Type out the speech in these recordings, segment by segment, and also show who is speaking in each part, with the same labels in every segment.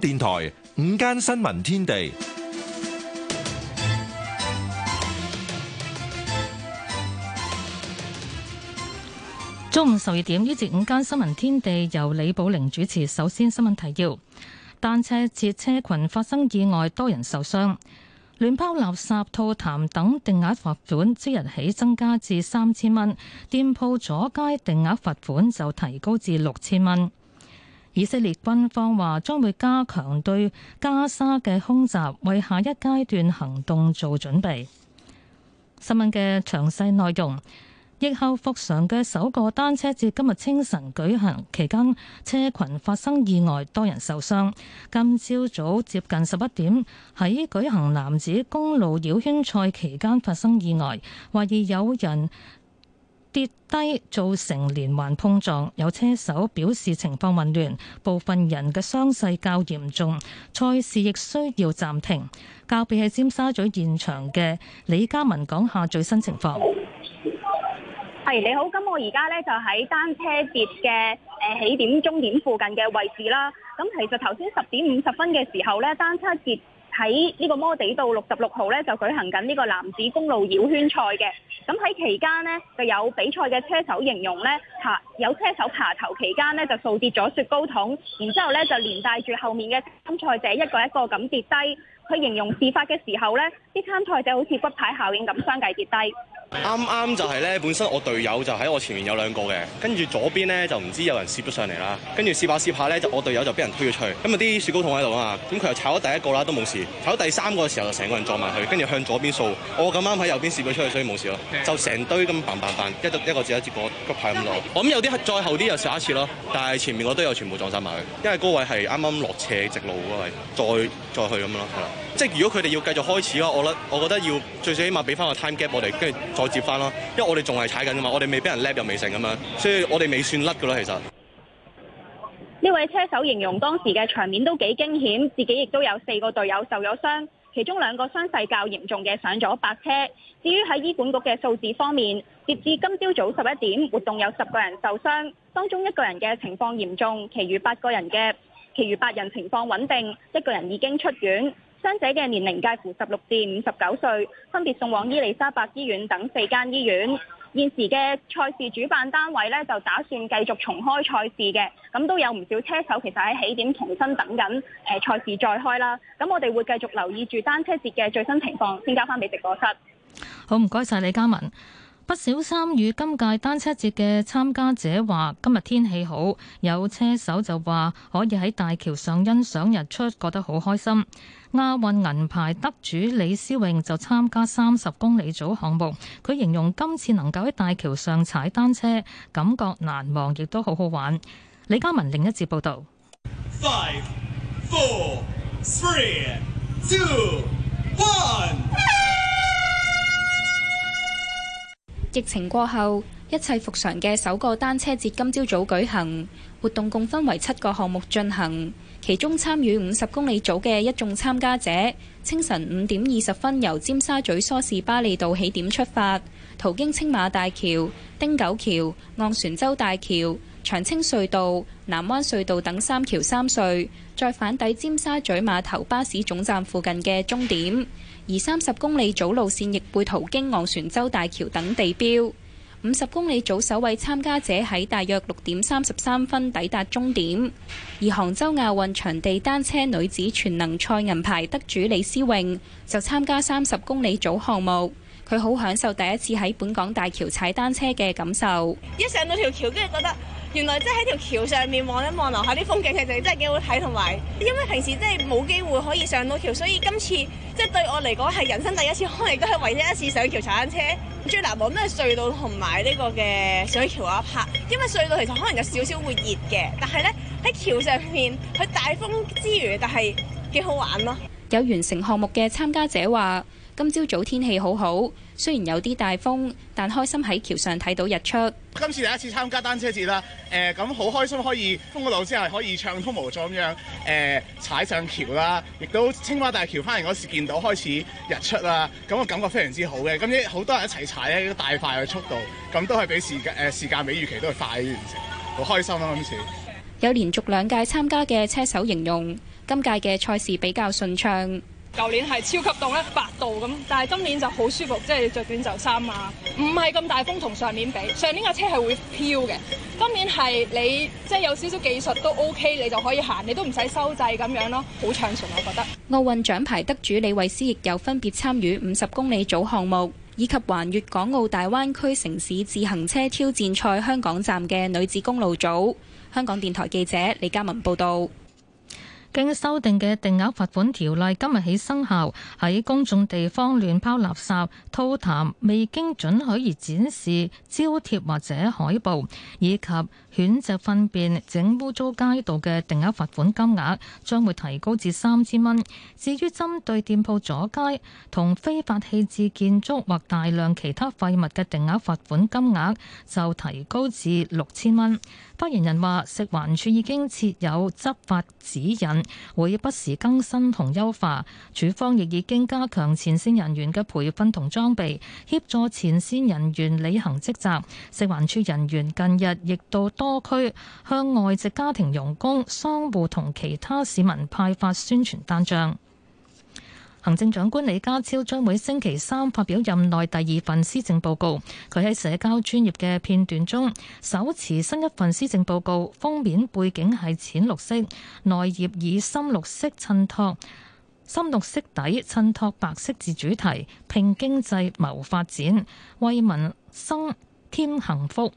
Speaker 1: 電台五間新聞天地，
Speaker 2: 中午十二點呢至五間新聞天地由李寶玲主持。首先新聞提要：單車涉車群發生意外，多人受傷。亂拋垃圾、吐痰等定額罰款，即日起增加至三千蚊。店鋪阻街定額罰款就提高至六千蚊。以色列軍方話將會加強對加沙嘅空襲，為下一階段行動做準備。新聞嘅詳細內容，疫後復常嘅首個單車節今日清晨舉行，期間車群發生意外，多人受傷。今朝早，早接近十一點喺舉行男子公路繞圈賽期間發生意外，懷疑有人。跌低造成連環碰撞，有車手表示情況混亂，部分人嘅傷勢較嚴重，賽事亦需要暫停。交俾喺尖沙咀現場嘅李嘉文講下最新情況。
Speaker 3: 係，你好，咁我而家呢就喺單車節嘅誒起點、終點附近嘅位置啦。咁其實頭先十點五十分嘅時候呢，單車節。喺呢個摩地道六十六號咧就舉行緊呢個男子公路繞圈賽嘅，咁喺期間呢，就有比賽嘅車手形容呢，爬有車手爬頭期間呢，就掃跌咗雪糕筒，然之後呢，就連帶住後面嘅參賽者一個一個咁跌低。佢形容事發嘅時候呢，啲參賽者好似骨牌效應咁相繼跌低。
Speaker 4: 啱啱就係咧，本身我隊友就喺我前面有兩個嘅，跟住左邊咧就唔知有人攝咗上嚟啦，跟住攝下攝下咧就我隊友就俾人推咗出去，咁啊啲雪糕桶喺度啊嘛，咁佢又炒咗第一個啦都冇事，炒咗第三個嘅時候就成個人撞埋去，跟住向左邊掃，我咁啱喺右邊攝咗出去，所以冇事咯，就成堆咁棒棒棒，一一個字一接過，焗排咁耐，like、我諗有啲再後啲又試下一次咯，但係前面嗰堆又全部撞晒埋去，因為高位係啱啱落斜直路嗰位再。再去咁咯，係啦。即係如果佢哋要繼續開始咯，我咧，我覺得要最起碼俾翻個 time gap，我哋跟住再接翻咯。因為我哋仲係踩緊噶嘛，我哋未俾人叻，又未成微咁樣，所以我哋未算甩噶啦。其實
Speaker 3: 呢位車手形容當時嘅場面都幾驚險，自己亦都有四個隊友受咗傷，其中兩個傷勢較嚴重嘅上咗白車。至於喺醫管局嘅數字方面，截至今朝早十一點，活動有十個人受傷，當中一個人嘅情況嚴重，其餘八個人嘅。其餘八人情況穩定，一個人已經出院。傷者嘅年齡介乎十六至五十九歲，分別送往伊利沙伯醫院等四間醫院。現時嘅賽事主辦單位呢，就打算繼續重開賽事嘅，咁都有唔少車手其實喺起點重新等緊，誒賽事再開啦。咁我哋會繼續留意住單車節嘅最新情況，先交翻俾直播室。
Speaker 2: 好，唔該晒李嘉文。不少參與今屆單車節嘅參加者話：今日天氣好，有車手就話可以喺大橋上欣賞日出，覺得好開心。亞運銀牌得主李思穎就參加三十公里組項目，佢形容今次能夠喺大橋上踩單車，感覺難忘，亦都好好玩。李嘉文另一節報道。
Speaker 5: 疫情過後，一切復常嘅首個單車節今朝早舉行，活動共分為七個項目進行，其中參與五十公里組嘅一眾參加者，清晨五點二十分由尖沙咀梳士巴利道起點出發，途經青馬大橋、汀九橋、昂船洲大橋、長青隧道、南灣隧道等三橋三隧，再返抵尖沙咀碼頭巴士總站附近嘅終點。而三十公里組路線亦會途經昂船洲大橋等地標。五十公里組首位參加者喺大約六點三十三分抵達終點。而杭州亞運場地單車女子全能賽銀牌得主李思穎就參加三十公里組項目。佢好享受第一次喺本港大橋踩單車嘅感受。
Speaker 3: 一上到條橋，跟住覺得。原來即係喺條橋上面望一望樓下啲風景，其實真係幾好睇，同埋因為平時真係冇機會可以上到橋，所以今次即係對我嚟講係人生第一次，可能都係唯一一次上橋踩單車。最難忘都係隧道同埋呢個嘅上橋一拍，因為隧道其實可能有少少會熱嘅，但係呢，喺橋上面，佢大風之餘，但係幾好
Speaker 4: 玩咯。
Speaker 5: 有完成項目嘅參加者話。今朝早，早天氣好好，雖然有啲大風，但開心喺橋上睇到日出。
Speaker 4: 今次第一次參加單車節啦，誒咁好開心，可以封個路之後，可以暢通無阻咁樣誒踩、呃、上橋啦。亦都青馬大橋翻嚟嗰時見到開始日出啦，咁個感覺非常之好嘅。咁啲好多人一齊踩咧，大快嘅速度，咁都係比時間誒、呃、時間比預期都係快啲完成，好開心咯、啊、今次
Speaker 5: 有連續兩屆參加嘅車手形容今屆嘅賽事比較順暢。
Speaker 3: 舊年係超級凍，一百度咁，但係今年就好舒服，即係着短袖衫啊，唔係咁大風同上年比，上年架車係會飄嘅，今年係你即係、就是、有少少技術都 OK，你就可以行，你都唔使收掣咁樣咯，好暢順我覺得。
Speaker 5: 奧運獎牌得主李慧詩亦有分別參與五十公里組項目以及環粵港澳大灣區城市自行車挑戰賽香港站嘅女子公路組。
Speaker 2: 香港電台記者李嘉文報道。經修訂嘅定額罰款條例今日起生效，喺公眾地方亂拋垃圾、吐痰、未經准許而展示招貼或者海報，以及犬隻糞便整污糟街道嘅定額罰款金額，將會提高至三千蚊。至於針對店鋪阻街同非法棄置建築或大量其他廢物嘅定額罰款金額，就提高至六千蚊。發言人話：食環署已經設有執法指引，會不時更新同優化。署方亦已經加強前線人員嘅培訓同裝備，協助前線人員履行職責。食環署人員近日亦到多區向外籍家庭傭工、商戶同其他市民派發宣傳單張。行政長官李家超將會星期三發表任內第二份施政報告。佢喺社交專頁嘅片段中，手持新一份施政報告，封面背景係淺綠色，內頁以深綠色襯托，深綠色底襯托白色字主題，拼經濟謀發展，為民生添幸福。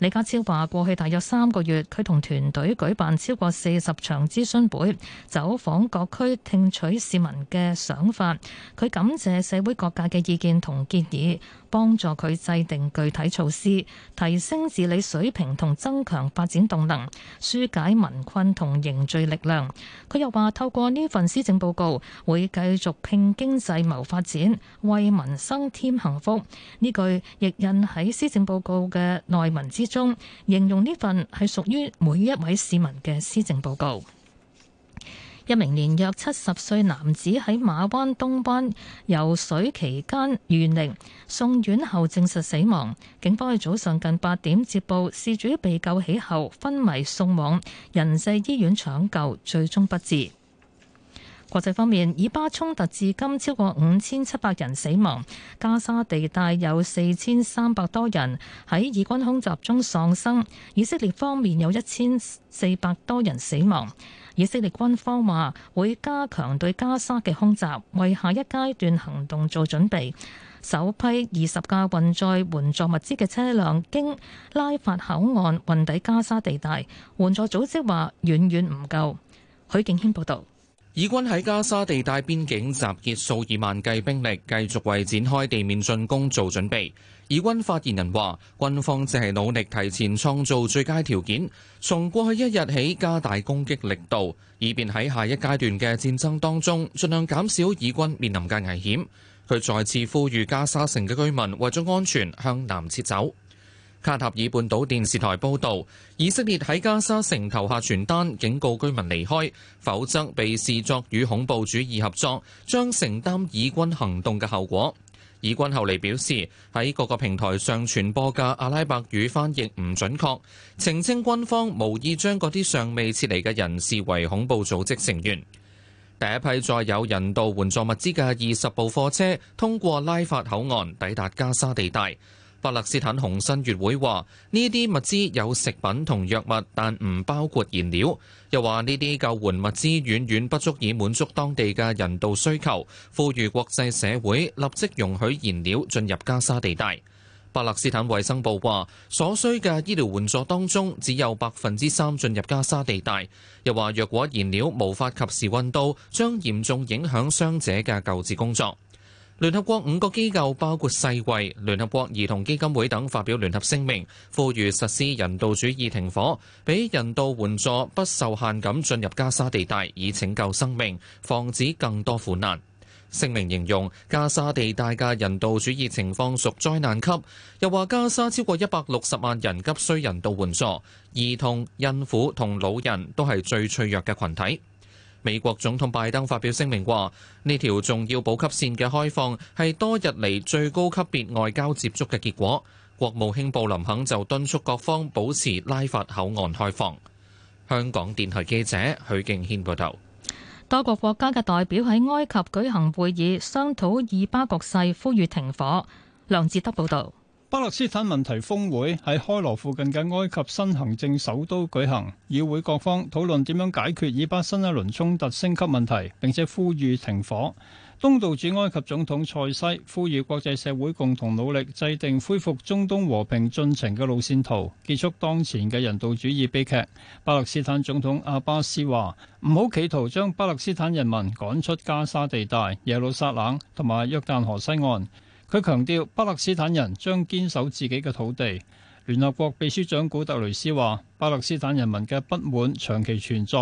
Speaker 2: 李家超話過去大約三個月，佢同團隊舉辦超過四十場諮詢會，走訪各區聽取市民嘅想法。佢感謝社會各界嘅意見同建議，幫助佢制定具體措施，提升治理水平同增強發展動能，疏解民困同凝聚力量。佢又話透過呢份施政報告，會繼續拼經濟謀發展，為民生添幸福。呢句亦印喺施政報告。報告嘅內文之中，形容呢份係屬於每一位市民嘅施政報告。一名年約七十歲男子喺馬灣東灣游水期間遇溺，送院後證實死亡。警方喺早上近八點接報，事主被救起後昏迷，送往仁濟醫院搶救，最終不治。國際方面，以巴衝突至今超過五千七百人死亡，加沙地帶有四千三百多人喺以軍空襲中喪生。以色列方面有一千四百多人死亡。以色列軍方話會加強對加沙嘅空襲，為下一階段行動做準備。首批二十架運載援助物資嘅車輛經拉法口岸運抵加沙地帶。援助組織話遠遠唔夠。許敬軒報道。
Speaker 4: 以軍喺加沙地帶邊境集結數以萬計兵力，繼續為展開地面進攻做準備。以軍發言人話：軍方正係努力提前創造最佳條件，從過去一日起加大攻擊力度，以便喺下一階段嘅戰爭當中盡量減少以軍面臨嘅危險。佢再次呼籲加沙城嘅居民為咗安全向南撤走。卡塔爾半島電視台報導，以色列喺加沙城投下傳單，警告居民離開，否則被視作與恐怖主義合作，將承擔以軍行動嘅後果。以軍後嚟表示，喺各個平台上傳播嘅阿拉伯語翻譯唔準確，澄清軍方無意將嗰啲尚未撤離嘅人視為恐怖組織成員。第一批載有人道援助物資嘅二十部貨車通過拉法口岸，抵達加沙地帶。巴勒斯坦紅新月會話呢啲物資有食品同藥物，但唔包括燃料。又話呢啲救援物資遠遠不足以滿足當地嘅人道需求，呼籲國際社會立即容許燃料進入加沙地帶。巴勒斯坦衛生部話所需嘅醫療援助當中只有百分之三進入加沙地帶，又話若果燃料無法及時運到，將嚴重影響傷者嘅救治工作。聯合國五個機構，包括世衛、聯合國兒童基金會等，發表聯合聲明，呼籲實施人道主義停火，俾人道援助不受限噉進入加沙地帶，以拯救生命，防止更多苦難。聲明形容加沙地帶嘅人道主義情況屬災難級，又話加沙超過一百六十萬人急需人道援助，兒童、孕婦同老人都係最脆弱嘅群體。美國總統拜登發表聲明話：呢條重要補給線嘅開放係多日嚟最高級別外交接觸嘅結果。國務卿布林肯就敦促各方保持拉法口岸開放。香港電台記者許敬軒報道。
Speaker 2: 多國國家嘅代表喺埃及舉行會議，商討以巴局勢，呼籲停火。梁志德報
Speaker 6: 道。巴勒斯坦問題峰會喺開羅附近嘅埃及新行政首都舉行，與會各方討論點樣解決以巴新一輪衝突升級問題，並且呼籲停火。東道主埃及總統塞西呼籲國際社會共同努力，制定恢復中東和平進程嘅路線圖，結束當前嘅人道主義悲劇。巴勒斯坦總統阿巴斯話：唔好企圖將巴勒斯坦人民趕出加沙地帶、耶路撒冷同埋約旦河西岸。佢強調巴勒斯坦人將堅守自己嘅土地。聯合國秘書長古特雷斯話：巴勒斯坦人民嘅不滿長期存在。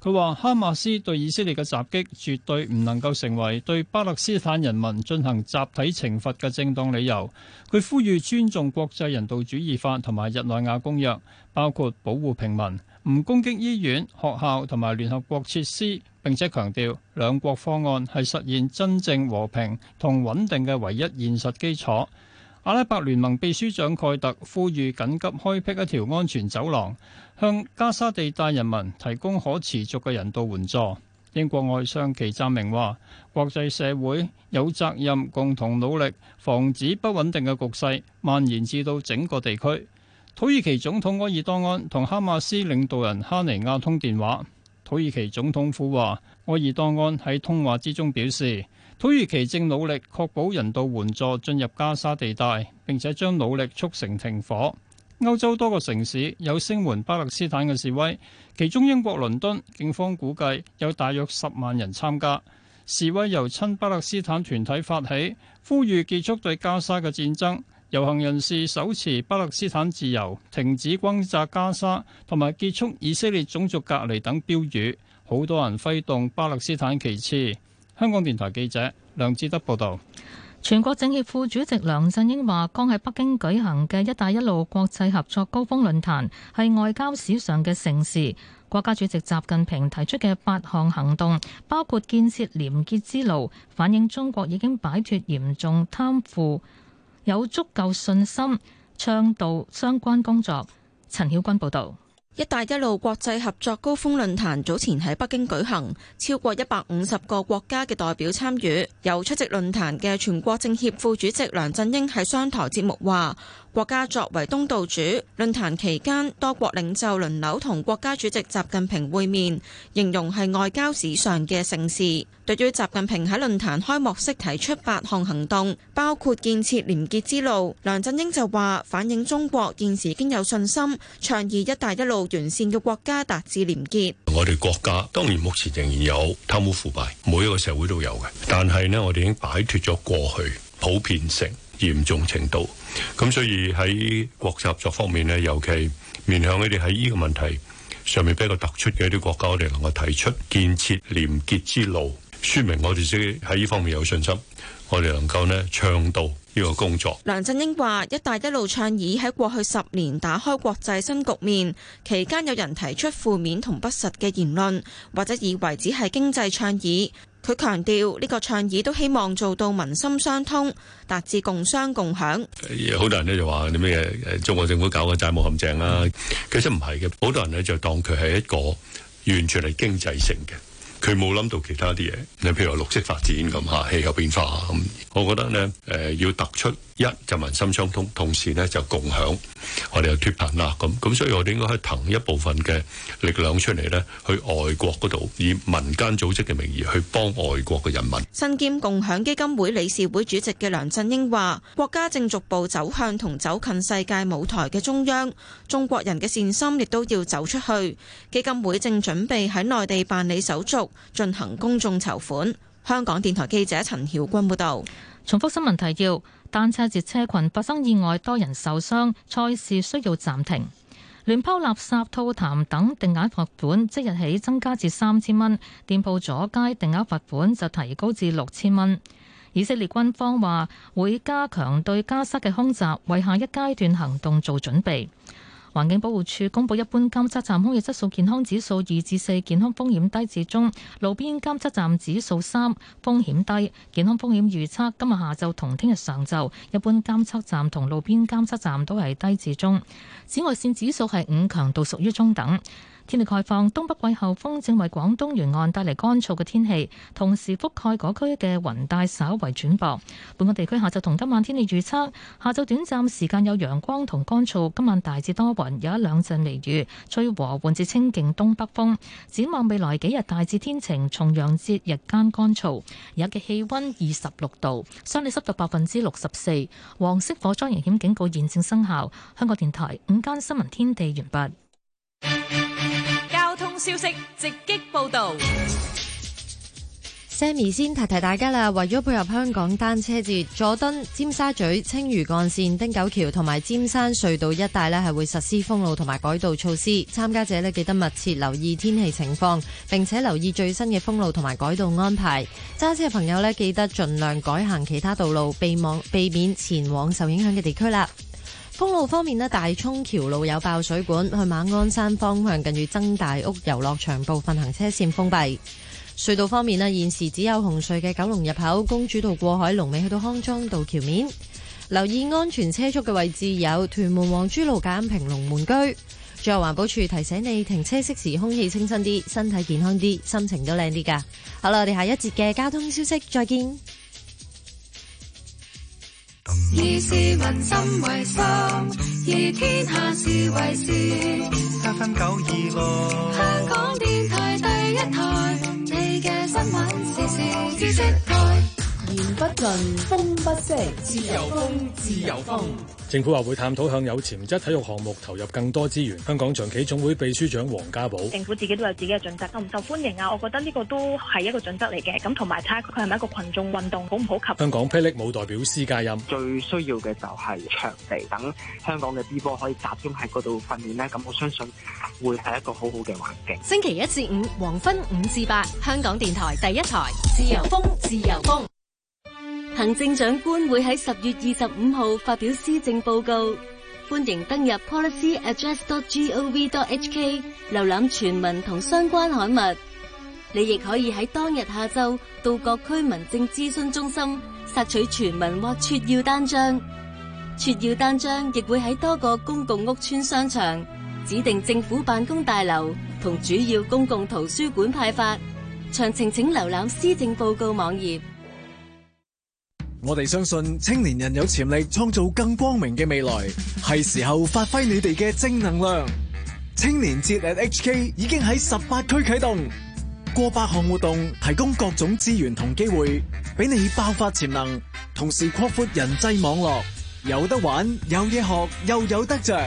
Speaker 6: 佢話哈馬斯對以色列嘅襲擊絕對唔能夠成為對巴勒斯坦人民進行集體懲罰嘅正當理由。佢呼籲尊重國際人道主義法同埋日內瓦公約，包括保護平民、唔攻擊醫院、學校同埋聯合國設施。並且強調兩國方案係實現真正和平同穩定嘅唯一現實基礎。阿拉伯聯盟秘書長蓋特呼籲緊急開闢一條安全走廊，向加沙地帶人民提供可持續嘅人道援助。英國外相祁湛明話：國際社會有責任共同努力，防止不穩定嘅局勢蔓延至到整個地區。土耳其總統埃爾多安同哈馬斯領導人哈尼亞通電話。土耳其總統府話，埃爾多安喺通話之中表示，土耳其正努力確保人道援助進入加沙地帶，並且將努力促成停火。歐洲多個城市有聲援巴勒斯坦嘅示威，其中英國倫敦警方估計有大約十萬人參加，示威由親巴勒斯坦團體發起，呼籲結束對加沙嘅戰爭。遊行人士手持巴勒斯坦自由、停止轟炸加沙、同埋結束以色列種族隔離等標語，好多人揮動巴勒斯坦旗幟。香港電台記者梁志德報道。
Speaker 2: 全國政協副主席梁振英話，剛喺北京舉行嘅「一帶一路」國際合作高峰論壇係外交史上嘅盛事。國家主席習近平提出嘅八項行動，包括建設廉潔之路，反映中國已經擺脱嚴重貪腐。有足夠信心倡導相關工作。陳曉君報導，「一帶一
Speaker 7: 路」國際合作高峰論壇早前喺北京舉行，超過一百五十個國家嘅代表參與。由出席論壇嘅全國政協副主席梁振英喺商台節目話。國家作為東道主，論壇期間多國領袖輪流同國家主席習近平會面，形容係外交史上嘅盛事。對於習近平喺論壇開幕式提出八項行動，包括建設廉潔之路，梁振英就話反映中國現時已經有信心，倡議「一帶一路」完善嘅國家達至廉潔。
Speaker 1: 我哋國家當然目前仍然有貪污腐敗，每一個社會都有嘅，但係呢，我哋已經擺脱咗過去普遍性。嚴重程度，咁所以喺國際合作方面呢，尤其面向你哋喺呢個問題上面比較突出嘅一啲國家，我哋能夠提出建設廉潔之路，說明我哋喺呢方面有信心，我哋能夠呢倡導呢個工作。
Speaker 7: 梁振英話：「一帶一路」倡議喺過去十年打開國際新局面，期間有人提出負面同不實嘅言論，或者以為只係經濟倡議。佢強調呢個倡議都希望做到民心相通，達至共商共享。
Speaker 1: 好多人呢就話啲咩誒，中國政府搞嘅債務陷阱啊，其實唔係嘅。好多人呢就當佢係一個完全係經濟性嘅。佢冇諗到其他啲嘢，你譬如話綠色發展咁吓，氣候變化咁，我覺得咧，誒要突出一就民心相通，同時咧就共享，我哋又脫貧啦咁，咁所以我哋應該去騰一部分嘅力量出嚟咧，去外國嗰度以民間組織嘅名義去幫外國嘅人民。
Speaker 7: 身兼共享基金會理事會主席嘅梁振英話，國家正逐步走向同走近世界舞台嘅中央，中國人嘅善心亦都要走出去。基金會正準備喺內地辦理手續。進行公眾籌款。
Speaker 2: 香港電台記者陳曉君報道。重複新聞提要：單車節車群發生意外，多人受傷，賽事需要暫停。亂拋垃圾、吐痰等定額罰款即日起增加至三千蚊，店鋪阻街定額罰款就提高至六千蚊。以色列軍方話會加強對加沙嘅空襲，為下一階段行動做準備。環境保護署公布一般監測站空氣質素健康指數二至四，健康風險低至中；路邊監測站指數三，風險低。健康風險預測今日下晝同聽日上晝，一般監測站同路邊監測站都係低至中。紫外綫指數係五，強度屬於中等。天氣開放，東北季候風正為廣東沿岸帶嚟乾燥嘅天氣，同時覆蓋嗰區嘅雲帶稍為轉薄。本港地區下晝同今晚天氣預測：下晝短暫時間有陽光同乾燥，今晚大致多雲，有一兩陣微雨，吹和緩至清勁東北風。展望未來幾日大致天晴，重陽節日間乾燥，日嘅氣温二十六度，相對濕度百分之六十四。黃色火災危險警告現正生效。香港電台午間新聞天地完畢。消息直擊報
Speaker 4: 道，Sammy 先提提大家啦。為咗配合香港單車節，佐敦、尖沙咀、青嶼幹線、汀九橋同埋尖山隧道一帶咧係會實施封路同埋改道措施。參加者咧記得密切留意天氣情況，並且留意最新嘅封路同埋改道安排。揸車嘅朋友咧記得盡量改行其他道路，避避免前往受影響嘅地區啦。公路方面咧，大涌橋路有爆水管，去馬鞍山方向近住曾大屋遊樂場部分行車線封閉。隧道方面咧，現時只有紅隧嘅九龍入口公主道過海龍尾去到康莊道橋面。留意安全車速嘅位置有屯門黃珠路間平龍門居。最後環保署提醒你停車熄匙空氣清新啲，身體健康啲，心情都靚啲㗎。好啦，我哋下一節嘅交通消息，再見。
Speaker 2: 以市民
Speaker 4: 心為心，以天下事為事。分九二六，香港電台第一台，你嘅新聞時事知識
Speaker 2: 台。言不盡，風不息，自
Speaker 6: 由風，自由風。政府話會探討向有潛質體育項目投入更多資源。香港長期總會秘書長黃家寶，政
Speaker 3: 府自己都有自己嘅準則，受唔受歡迎啊？我覺得呢個都係一個準則嚟嘅。咁同埋睇下佢係咪一個群眾運動，好唔好及？香
Speaker 4: 港霹靂舞代表施家音最需要嘅就係場地，等香港嘅 B 波可以集中喺嗰度訓練呢。咁我相信會係一個
Speaker 2: 好好嘅環境。
Speaker 5: 星期一至五，黃昏五至八，香港電台第一台，自由
Speaker 2: 風，自由風。行政長官會喺十月二十五號發表施政報告，歡迎登入 policyaddress.gov.hk 瀏覽全文同相關刊物。你亦可以喺當日下晝到各區民政諮詢中心索取全文或撮要單張，撮要單張亦會喺多個公共屋邨、商場、指定政府辦公大樓同主要公共圖書館派發。詳情請瀏覽施政報告網頁。
Speaker 4: 我哋相信青年人有潛力創造更光明嘅未來，係時候發揮你哋嘅正能量。青年節 @HK 已經喺十八區啟動，過百項活動提供各種資源同機會俾你爆發潛能，同時擴闊人際網絡。有得玩，有嘢學，又有得着。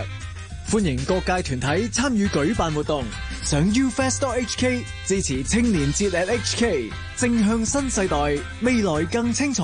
Speaker 4: 歡迎各界團體參與舉辦活動。
Speaker 2: 上 ufest.hk 支持青年節 @HK，正向新世代，未來更精彩。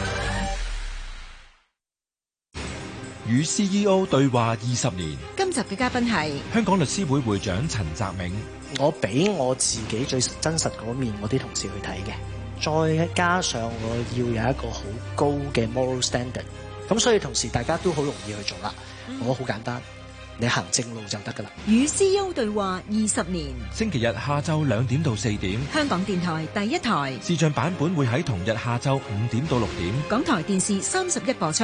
Speaker 4: 與 CEO 對話二十年，
Speaker 7: 今集嘅嘉賓係
Speaker 4: 香港律師會會長陳澤銘。我俾我自己最真實嗰面，我啲同事去睇嘅，再加上我要有一個好高嘅 moral standard，咁所以同時大家都好容易去做啦。我好簡單，你行正路就得噶啦。
Speaker 7: 與 CEO 對話二十年，
Speaker 4: 星期日下晝兩點到四點，
Speaker 7: 香港電台第一台
Speaker 4: 視像版本會喺同日下晝五點
Speaker 1: 到六點，港
Speaker 7: 台電視三十一播出。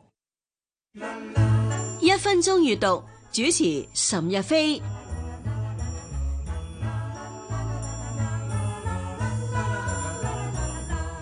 Speaker 7: 一分鐘閱讀，主持：岑日飛。